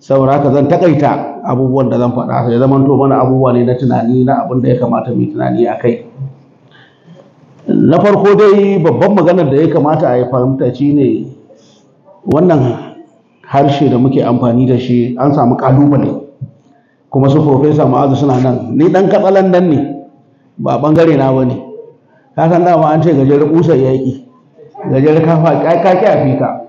saboda haka zan takaita abubuwan da zan faɗa ya zama to mana abubuwa ne na tunani na abin da ya kamata mu tunani a kai na farko dai babban maganar da ya kamata a yi fahimta ne. wannan harshe da muke amfani da shi an samu kalubale kuma su profesa ma'azu suna nan ni dan katsalan nan ne ba bangare na bane ka san dama an ce gajere kusa yaki gajere kafa ka a ka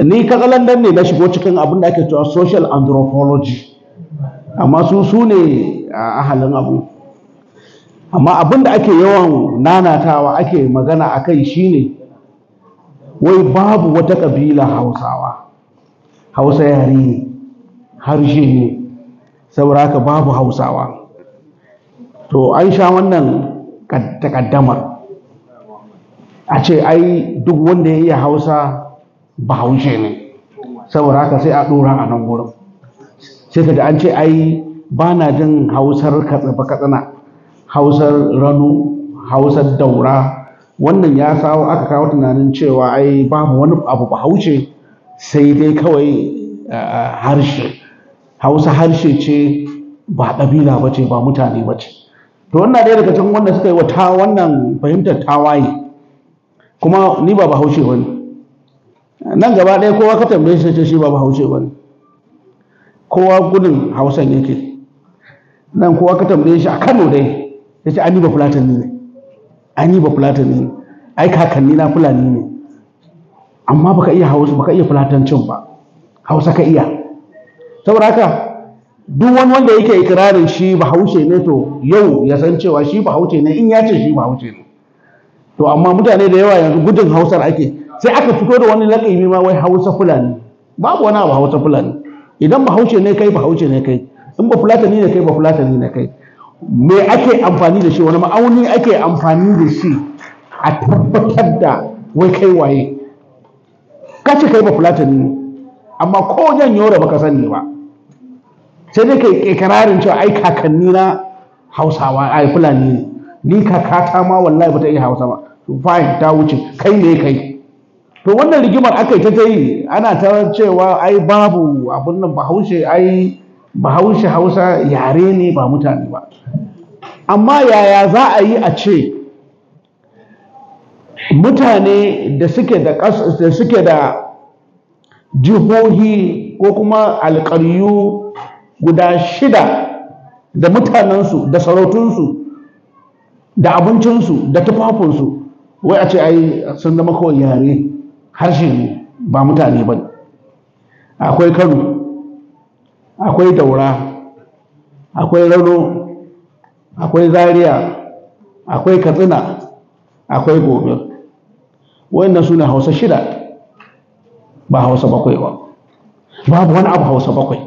ni katsalandan ne na shigo cikin abin da ake cewa social anthropology amma su su ne a ahalin abu amma abin da ake yawan nanatawa ake magana a kai ne. wai babu wata ƙabila hausawa hausa yare ne harshe ne saboda babu hausawa to an sha wannan takaddama a ce ai duk wanda ya iya hausa bahaushe ne saboda haka sai a ɗora a nan gurin sai ka an ce ai ba na jin hausar katsaba katsina hausar ranu, hausar daura wannan ya sawo aka kawo tunanin cewa ai babu wani abu bahaushe sai dai kawai harshe hausa harshe ce ba ɗabila ba ce ba mutane ba ce to wannan ɗaya daga can wanda suka yi wa ta wannan fahimtar tawaye kuma ni ba bahaushe ba ne nan gaba ɗaya kowa ka tambaye shi ce shi ba bahaushe ba ne kowa gudun hausan yake nan kowa ka tambaye shi a kano dai ya ce yi ba fulatani ne yi ba fulatani ne ai kakanni na fulani ne amma baka iya hausa baka iya fulatancin ba hausa ka iya saboda haka duk wani wanda yake ikirarin shi bahaushe ne to yau ya san cewa shi bahaushe ne in ya ce shi bahaushe ne to amma mutane da yawa yanzu gudun hausar ake sai aka fito da wani laƙaimi ma wai hausa fulani babu wani abu hausa fulani idan bahaushe ne kai bahaushe ne kai in ba fulatani ne kai ba fulatani ne kai me ake amfani da shi wani ma'auni ake amfani da shi a tabbatar da wai kai waye ka ce kai ba fulatani ne amma ko wajen yore baka sani ba sai dai kai ikirarin cewa ai kakanni na hausawa ai fulani ne ni kakata ma wallahi bata iya hausa ba fine ta wuce kai ne kai to wannan rigimar aka yi ta ta yi ana ta cewa ai babu abin nan bahaushe ai bahaushe hausa yare ne ba mutane ba amma yaya za a yi a ce mutane da suke da da suke da jihohi ko kuma alƙaryu guda shida da mutanensu da sarautunsu da abincinsu da tufafinsu wai a ce ai sun zama kawai yare harshe ne ba mutane ba akwai kano akwai daura akwai rano akwai Zariya, akwai katsina akwai gobe wannan suna hausa shida ba hausa bakwai ba babu wani abu hausa bakwai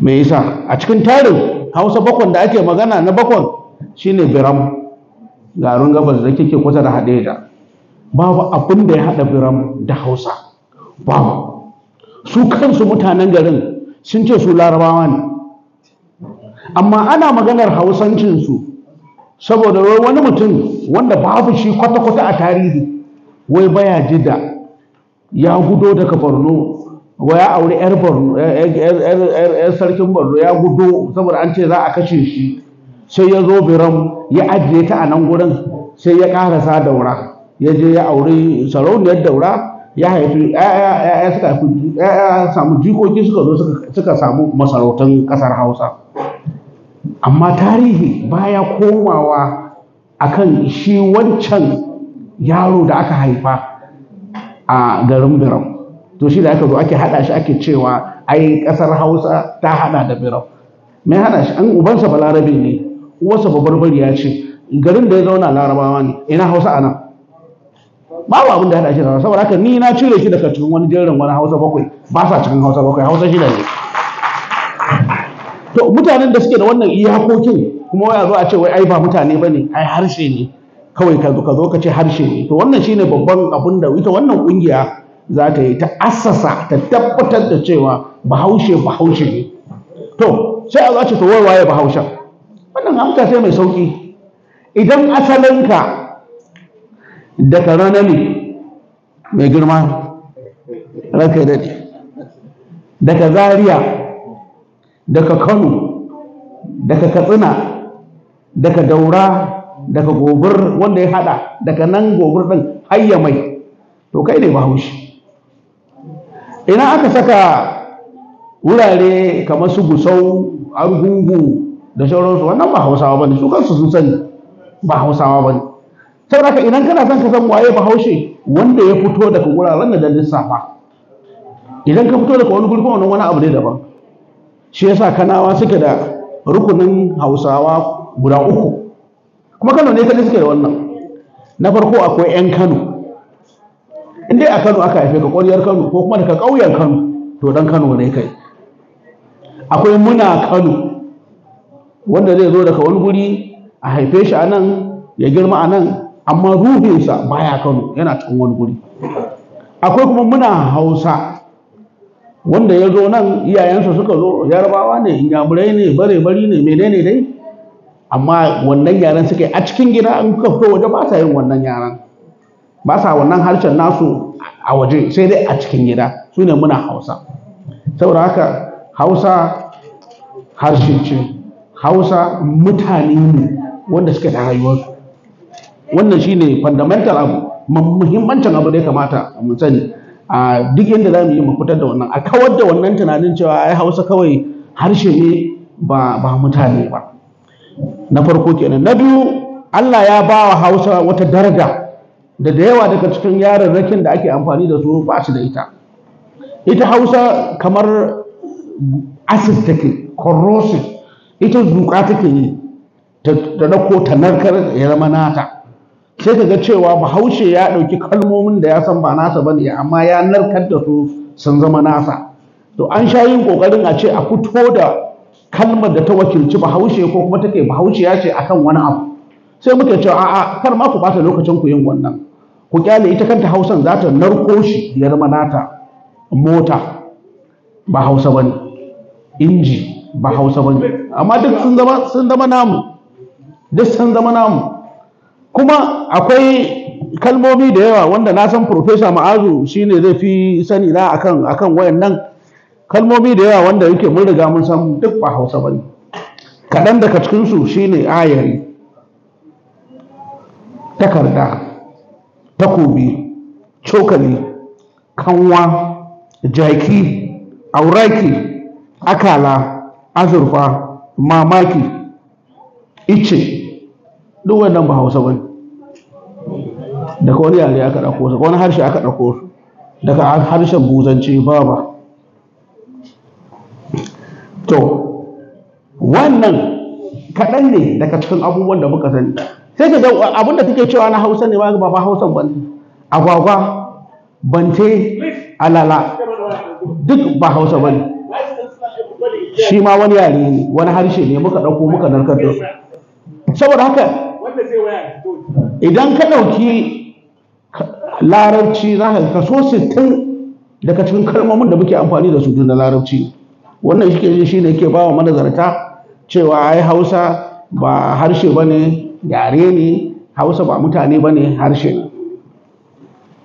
mai yasa a cikin tarin hausa bakwan da ake magana na bakwan shine biram garin gabas da kike kusa da hadeja babu abin da ya haɗa biram da hausa babu su kansu mutanen garin sun ce su larabawa ne amma ana maganar hausancinsu saboda wani mutum wanda babu shi kwata-kwata a tarihi wai baya ji da ya gudo daga borno wa ya auri 'yar borno 'yar sarkin borno ya gudo saboda an ce za a kashe shi sai ya zo biram ya ajiye ta a nan gurin sai ya ƙarasa wura ya je ya auri sarauniyar daura ya haifi ya suka haifi ya samu jikoki suka zo suka samu masarautan kasar hausa amma tarihi baya komawa akan shi wancan yaro da aka haifa a garin biram to shi da aka zo ake hada shi ake cewa ai kasar hausa ta hada da biram mai hada shi an ubansa balarabe ne uwarsa bariya ce garin da ya zauna larabawa ne ina hausa a nan babu abin da hada shi da saboda haka ni na cire shi daga cikin wani jerin wani Hausa bakwai ba sa cikin Hausa bakwai Hausa shida ne to mutanen da suke da wannan iyakokin kuma waya zo a ce wai ai ba mutane bane ai harshe ne kawai ka zo ka zo ka ce harshe ne to wannan shine babban abin da ita wannan kungiya za ta yi ta assasa ta tabbatar da cewa bahaushe bahaushe ne to sai a zo a ce to wai waye bahaushen wannan hamka sai mai sauki idan asalinka daga rana ne mai girma raka ne daga Zariya, daga kano daga katsina daga daura daga gobir wanda ya hada daga nan gobir ɗin hayya mai to kai ne bahaushe ina aka saka wurare kamar su gusau argungu da sauransu wannan ba hausawa ba ne su kansu sun sani ba hausawa ba ne sau ka idan kana son ka san waye bahaushe wanda ya fito daga wuraren da lissafa idan ka fito daga wani gurfi wani wani abu ne daban shi yasa kanawa suke da rukunin hausawa guda uku kuma kano ne kadai suke da wannan na farko akwai 'yan kano in dai a kano aka haife ka ƙwariyar kano ko kuma daga ƙauyen kano to dan kano ne kai akwai muna kano wanda zai zo daga wani guri a haife shi a nan ya girma a nan amma ruhinsa baya kano yana cikin wani guri akwai kuma muna hausa wanda ya zo nan iyayensa suka zo yarabawa ne inyamurai ne bare bari ne menene dai amma wannan yaren suka a cikin gida an kuka fito waje ba sa yin wannan yaren ba sa wannan harshen nasu a waje sai dai a cikin gida sune muna hausa saboda haka hausa harshe ce hausa mutane ne wanda suka da rayuwarsu wannan shine fundamental abu muhimmancin abu da ya kamata mu sani a duk inda za mu yi mu da wannan a kawar da wannan tunanin cewa ai hausa kawai harshe ne ba ba mutane ba na farko kenan na biyu Allah ya ba wa hausa wata daraja da da yawa daga cikin rakin da ake amfani da su ba su da ita ita hausa kamar acid take corrosive ita zuƙa take yi ta dauko ta narkar ya zama nata sai ka ga cewa bahaushe ya ɗauki kalmomin da ya san ba nasa ba ne amma ya narkar da su sun zama nasa to an sha yin ƙoƙarin a ce a fito da kalmar da ta wakilci bahaushe ko kuma take bahaushe ya ce akan wani abu sai muke cewa a'a kar ma ku bata lokacin ku yin wannan ku kyale ita kanta hausan za ta narko shi ya zama nata mota ba hausa ba ne inji ba hausa ba ne amma duk sun zama namu duk sun zama namu kuma akwai kalmomi da yawa wanda na san profesa ma'azu shine zai fi sani na akan akan wayannan kalmomi da yawa wanda yake mun riga mun san duk ba hausa bane kaɗan daga cikin su shine ayari takarda takobi cokali kanwa jaki auraki akala azurfa mamaki ice duk wannan ba hausa bane daga wani yare aka ɗauko su wani harshe aka ɗauko su daga harshen buzanci ba ba to wannan kaɗan ne daga cikin abubuwan da muka sani sai ka ga abin da take cewa na hausa ne ba ba hausa ba agwagwa bante alala duk ba hausa ba ne shi ma wani yare ne wani harshe ne muka ɗauko muka narkar da saboda haka idan ka ɗauki larabci za ka kaso sittin daga cikin kalmomin da muke amfani da su tun da larabci wannan shi shi ne ke ba wa manazarta cewa ai hausa ba harshe ba ne yare ne hausa ba mutane ba ne harshe ne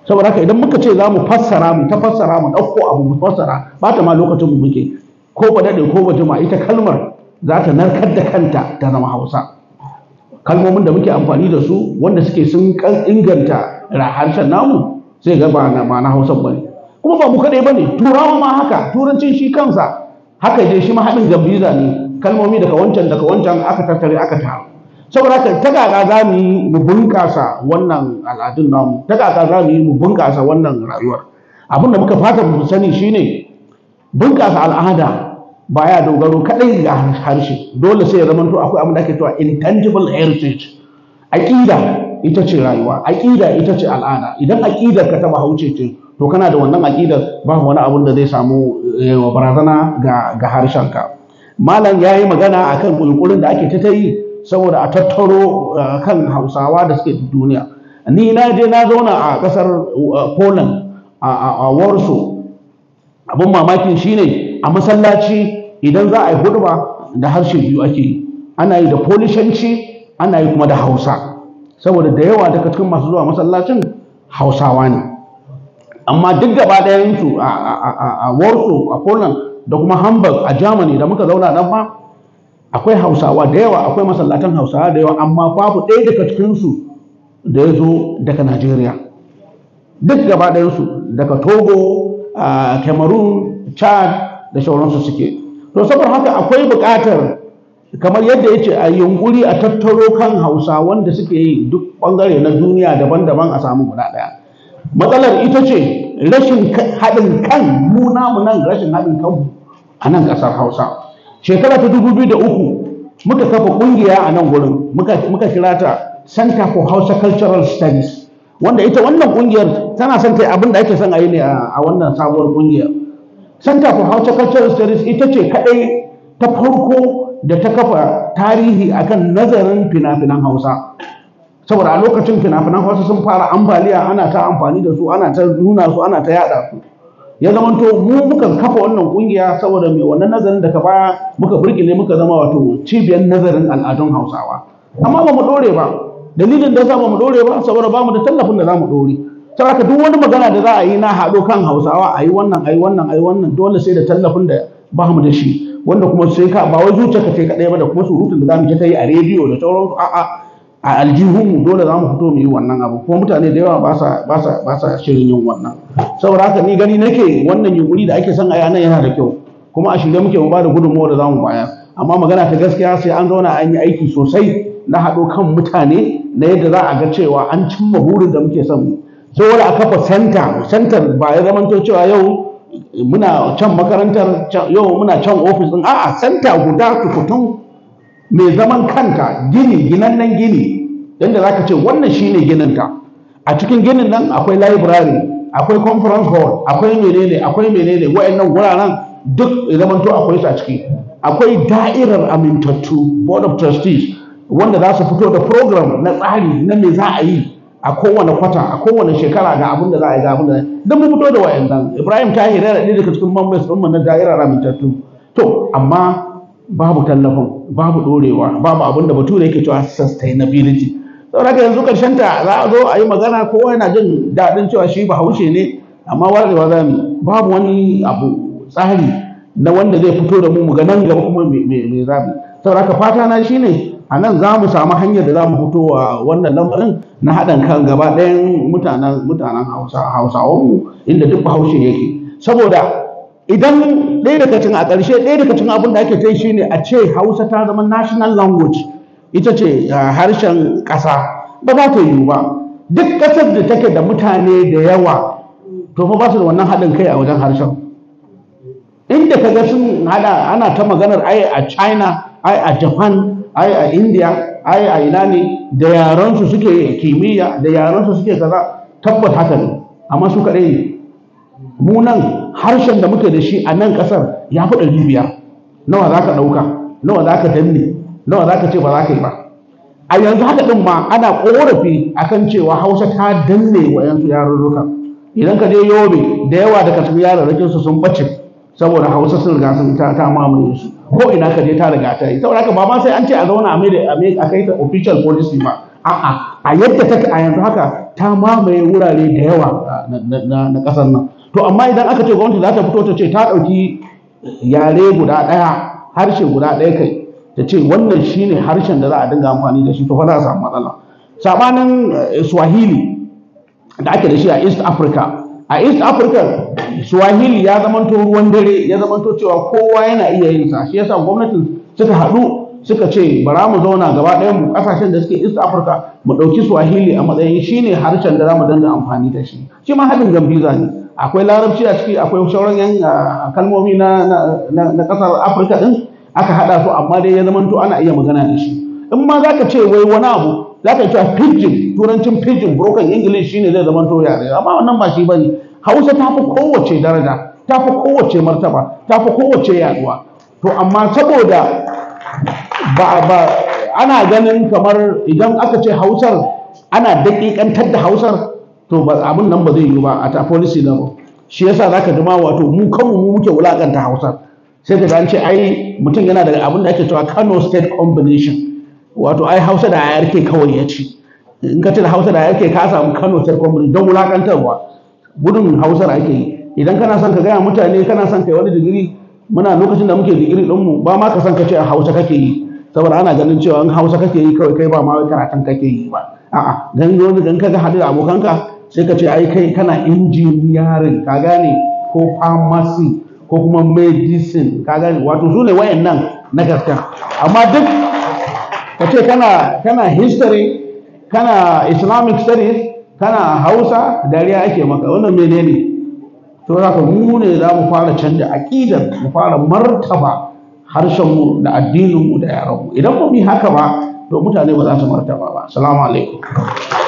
saboda haka idan muka ce za mu fassara mu ta fassara mu ɗauko abu mu fassara ba ta ma lokacin mu muke ko ba daɗe ko ba jima ita kalmar za ta narkar da kanta ta zama hausa kalmomin da muke amfani da su wanda suke sun inganta harshen namu sai ga ba na ma'ana hausa ba ne kuma ba mu kaɗai ba ne turawa ma haka turancin shi kansa haka je shi ma haɗin gambiza ne kalmomi daga wancan daga wancan aka tattare aka taru saboda haka ta kaka za mu yi mu bunƙasa wannan al'adun namu ta kaka za mu yi mu bunƙasa wannan rayuwar abin da muka fata mu sani shine bunƙasa al'ada baya dogaro kadai ga harshe dole sai ya zamanto akwai abin da ake cewa intangible heritage aqida ita ce rayuwa aqida ita ce al'ada idan aqidar ka ta bahauce ce to kana da wannan aqidar ba wani abin da zai samu eh, barazana ga ga harshenka malam ya yi magana akan kulkurin da ake ta yi saboda a tattaro eh, kan Hausawa da suke duniya ni na je na zauna a kasar eh, Poland a Warsaw abin mamakin shine a masallaci idan za a yi hudba da harshe biyu ake yi ana yi da polishanci ana yi kuma da hausa saboda da yawa daga cikin masu zuwa masallacin hausawa ne amma duk gaba ɗayansu a warsaw a poland da kuma hamburg a germany da muka zauna nan ma akwai hausawa da yawa akwai masallatan hausawa da yawa amma babu ɗaya daga cikinsu da ya zo daga najeriya duk gaba ɗayansu daga togo cameroon chad da sauransu suke to saboda haka akwai buƙatar kamar yadda yake a yunkuri a tattaro kan hausa wanda suke yi duk bangare na duniya daban-daban a samu guda ɗaya matsalar ita ce rashin haɗin kan mu namu nan rashin haɗin kan mu a nan ƙasar hausa shekara ta dubu biyu da uku muka kafa ƙungiya a nan gurin muka kira ta center for hausa cultural studies wanda ita wannan ƙungiyar tana son ta abin da ake son a yi ne a wannan sabuwar ƙungiyar center for cultural studies ita ce kaɗai ta farko da ta kafa tarihi akan nazarin fina-finan hausa saboda a lokacin fina-finan hausa sun fara ambaliya ana ta amfani da su ana ta nuna su ana ta yada su ya zama to mu muka kafa wannan kungiya saboda mai wannan nazarin da ka baya muka burgile muka zama wato cibiyar nazarin al'adun hausawa amma ba mu dore ba dalilin da za mu dore ba saboda ba mu da tallafin da za mu dore saboda duk wani magana da za a yi na haɗo kan hausawa a yi wannan a yi wannan a yi wannan dole sai da tallafin da ba mu da shi wanda kuma sai ka ba wai zuciya ka kai kaɗai ba da kuma surutun da za mu ta yi a rediyo da sauransu a'a a aljihunmu dole za mu fito mu yi wannan abu kuma mutane da yawa ba sa shirin yin wannan saboda haka ni gani nake wannan yunkuri da ake son a yana yana da kyau kuma a shirye muke mu ba da gudunmawa da za mu baya amma magana ta gaskiya sai an zauna an yi aiki sosai na haɗo kan mutane na yadda za a ga cewa an cimma burin da muke son mu saboda a kafa santa santar ba ya zamanto cewa yau muna can makarantar yau muna can ofis din a'a santa guda tukutun mai zaman kanta gini ginannen gini yadda za ka ce wannan shine ta. a cikin ginin nan akwai library akwai conference hall akwai menene akwai menene wa'annan wuraren duk zamanto akwai su a ciki akwai da'irar amintattu board of trustees wanda za su fito da program na tsari na me za a yi a kowane kwata a kowane shekara ga abin da za a yi ga abin da don mu fito da wayannan Ibrahim ta hira da daga cikin members din mun na daira ramintattu to amma babu tallafin babu ɗorewa, babu abin da bature yake cewa sustainability saboda ka yanzu karshen ta za a zo a yi magana kowa yana jin daɗin cewa shi ba bahaushe ne amma warewa za mu babu wani abu tsari na wanda zai fito da mu mu ga nan gaba kuma mai zafi. mu saboda ka fata na shine a nan za mu samu hanyar da za mu fito wa wannan lamarin na haɗin kan gaba ɗayan mutanen mutanen mu inda duk bahaushe yake saboda idan ɗaya daga cikin a ƙarshe ɗaya daga cikin abin da ake ta shine a ce hausa ta zama national language ita ce eh, harshen ƙasa ba za ta yiwu ba duk ƙasar da take da mutane da yawa to fa ba su da wannan haɗin kai a wajen harshen inda ka ga sun haɗa ana ta maganar ai a china ai a japan ai a indiya ai a ina ne da yaransu suke kimiyya da yaransu suke kaza tabbas haka ne amma su kaɗai ne mu nan harshen da muke da shi a nan ƙasar ya fi ɗari biyar nawa za ka ɗauka nawa za ka danne nawa za ka ce ba za ka yi ba a yanzu haka ɗin ma ana ƙorafi akan cewa hausa ta danne wa yanzu yarurruka idan ka je yobe da yawa daga cikin yarurrukinsu sun ɓace saboda hausa sun riga sun ta mamaye su ko ina ka je ta riga ta yi saboda haka ba ma sai an ce a zauna a a kai ta official policy ba a'a a yadda take a yanzu haka ta mamaye wurare da yawa na kasar nan to amma idan aka ce gwamnati za ta fito ta ce ta ɗauki yare guda ɗaya harshe guda ɗaya kai ta ce wannan shine harshen da za a dinga amfani da shi to fa za a samu matsala sabanin eh, swahili da ake da shi a east africa a east africa Swahili ya zamanto ruwan dare ya zamanto cewa kowa yana iya yin sa shi yasa gwamnatin suka haɗu suka ce bara mu zauna gaba ɗayan mu ƙasashen da suke East Africa mu ɗauki Swahili a matsayin shine harshen da zamu mu amfani da shi shi ma haɗin gambiza ne akwai larabci a ciki akwai sauran yan kalmomi na na ƙasar Africa ɗin aka haɗa su amma dai ya to ana iya magana da shi in ma zaka ce wai wani abu za ka pidgin turancin pidgin broken english shine zai zamanto yare amma wannan ba shi bane hausa ta fi kowace daraja ta fi kowace martaba ta fi kowace yaduwa to amma saboda ba ba ana ganin kamar idan aka ce hausar ana daƙiƙantar da hausar to ba abin nan ba zai yi ba a ta policy level shi yasa zaka ji ma wato mu kanmu mu muke wulakanta hausar sai ka an ce ai mutum yana daga abin da ake cewa Kano state combination wato ai hausa da yarke kawai ya ci in ka ce da hausa da yarke ka samu Kano state combination don wulakantarwa gudun hausar ake yi idan kana son ka gaya mutane kana son kai wani digiri muna lokacin da muke digiri ɗinmu ba ma ka son ka ce a hausa kake yi saboda ana ganin cewa in hausa kake yi kawai kai ba ma karatun kake yi ba a'a dan wani dan kaga hadu da abokanka sai ka ce ai kai kana injiniyarin ka gane ko pharmacy ko kuma medicine ka gane wato su ne wayannan na gaskiya amma duk ka ce kana history kana islamic studies kana hausa dariya ake maka wannan menene to ka mu ne za mu fara canja aƙidar mu fara martaba harshen mu da addinin mu da yaranmu idan ba mu yi haka ba to mutane ba za su martaba ba assalamu alaikum